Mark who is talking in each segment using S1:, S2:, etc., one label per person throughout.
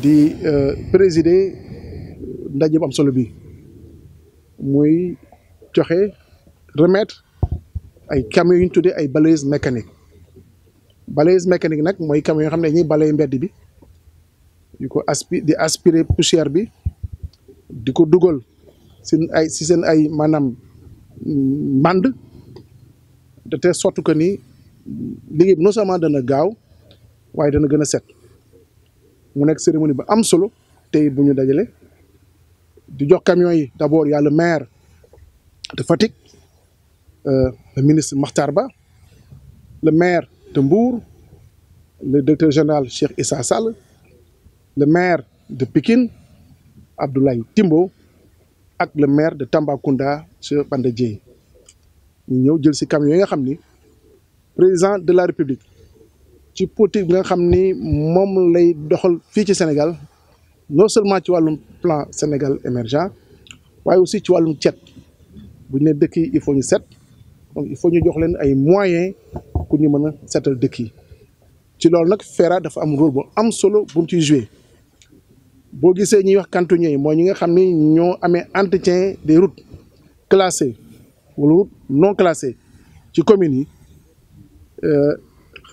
S1: di euh, présider ndaje bu am solo bi muy joxe remettre ay camions yu ñu tuddee ay balayeuse mécanique balayeuse mécanique nag mooy camions yoo xam ne ñi balaye mbedd bi di ko aspi di aspirer poussière bi di ko dugal si ay si seen ay maanaam mand de telle sorte que ni léegi bi non seulement dana gaaw waaye dana gën a set. mu une cérémonie de am solo tay buñu di jox y a le maire de Fatik, euh, le ministre Makhtar le maire de Mbour le directeur général Cheikh Issa Sall le maire de Pikine Abdoulaye Timbo ak le maire de Tambacounda M. Banda Dièye ñu ñëw jël camions nga président de la république ci politique bi nga xam ni Sénégal non seulement ci un plan Sénégal émergent mais aussi ci il faut set donc il faut ñu jox ay moyens pour ñu mën a setal yi ci loolu nag e dafa am rôle bu solo wax entretien des routes classées non classées ci communes euh,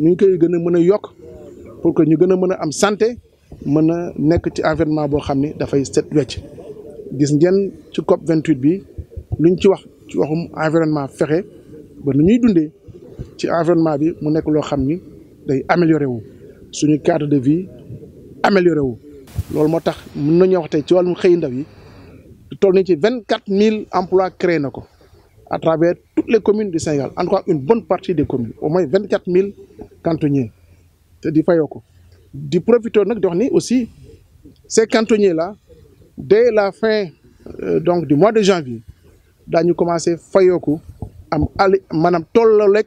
S1: ñu ngi koy gën a mën a yokk pour que ñu gën a mën a am santé mën a nekk ci environnement boo xam ni dafay set wecc gis ngeen ci COP 28 bi luñ ci wax ci waxum environnement fexe ba nu ñuy dundee ci environnement bi mu nekk loo xam ni day amélioré wu suñu cadre de vie amélioré wu. loolu moo tax mën nañoo wax tey ci wàllum xëy ndaw yi toll nañ ci vingt quatre mille emplois créé na ko. à travers toutes les communes du Sénégal, en tout une bonne partie des communes, au moins 24 000 cantonniers. C'est du Fayoko. Du profiteur aussi, ces cantonniers-là, dès la fin euh, donc, du mois de janvier, nous commencé Fayoko, Madame Tololek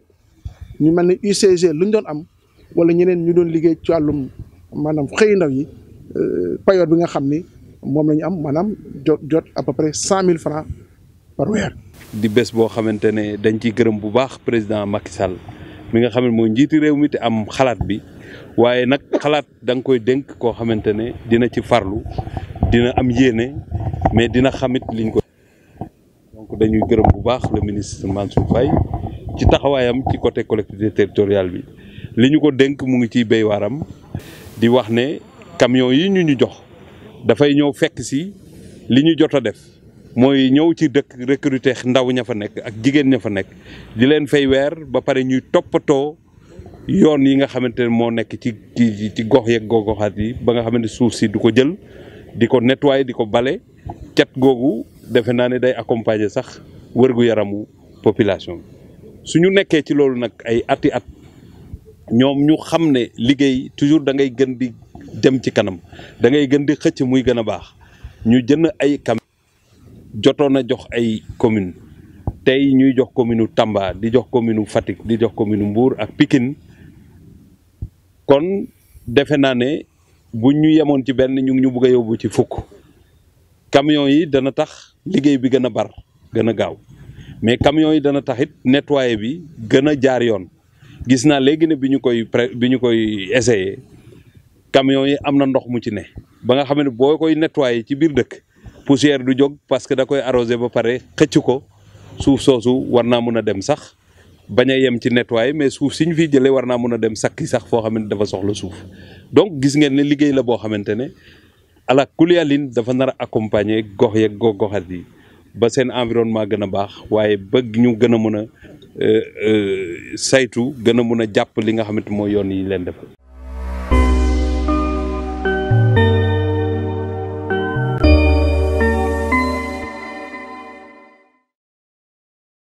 S1: nous avons UCG, nous avons wala ñeneen ñu doon avons eu le ndaw euh, nous à peu près 100 000 francs par
S2: di bes bo xamantene ne dañ ci gërëm bu baax président Macky Sall mi nga xamne mo njiti rew mi am xalaat bi waye nak xalaat dang koy denk ko xamantene ne dina ci farlu dina am yene mais dina xamit liñ ko donc dañuy gërëm bu baax le ministre Mansour Faye ci taxawayam ci côté collectivité territoriale bi li ko denk mu ngi ci béy di wax ne camion yi ñu ñu jox fay ñëw fekk ci liñu jotta def mooy ñëw ci dëkk recruter ndaw ña fa nekk ak jigéen ña fa nekk di leen fay weer ba pare ñuy toppatoo yoon yi nga xamante ne moo nekk ci ci ci gox yeeg goxaat yi ba nga xamante suuf si du ko jël di ko netwaay di ko bale cat googu defe naa ne day accompagner sax wërgu-yaramu population su ñu nekkee ci loolu nag ay ati at ñoom ñu xam ne liggéey toujours da ngay gën di dem ci kanam dangay gën di xëcc muy gën a baax ñu jënd ay cam jotoon na jox ay commune tey ñuy jox commune u Tamba di jox commune u Fatick di jox commune u ak pikin kon defe naa ne bu ñu yemoon ci benn ñu ngi ñu bëgg a ci fukk camions yi dana tax liggéey bi gën a bar gën a gaaw mais camions yi dana tax it nettoyer bi gën a jaar yoon gis naa léegi ne bi ñu koy pré bi ñu koy essayé camions yi am na ndox mu ci ne ba nga xam ne boo koy nettoyer ci biir dëkk poussière du jóg parce que da koy arrosé ba pare xëcc ko suuf soosu war naa mun a dem sax bañ a yem ci nettoyer mais suuf si ñu fiy jëlee war naa mun a dem sakki sax foo xamante dafa soxla suuf donc gis ngeen ne liggéey la boo xamante ne ala kuliyalin dafa nar a accompagner gox yeeg gox goxat yi ba seen environnement gën a baax waaye bëgg ñu gën a mun a euh, euh, saytu gën a mun a jàpp li nga xamante mooy yoon yi leen defal